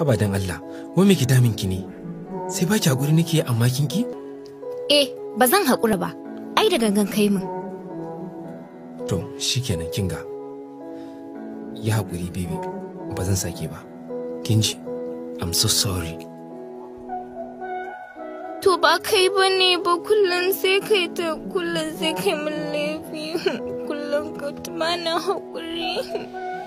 haba dan Allah wa me ki damin ki ne sai ba ki hakuri nake amma kin ki eh ba zan hakura ba ai da gangan kai min to shikenan kin ga ya hakuri baby ba zan sake ba kin ji i'm so sorry to ba kai ba ne ba kullum sai kai ta kullum sai kai min laifi kullum ka tumana hakuri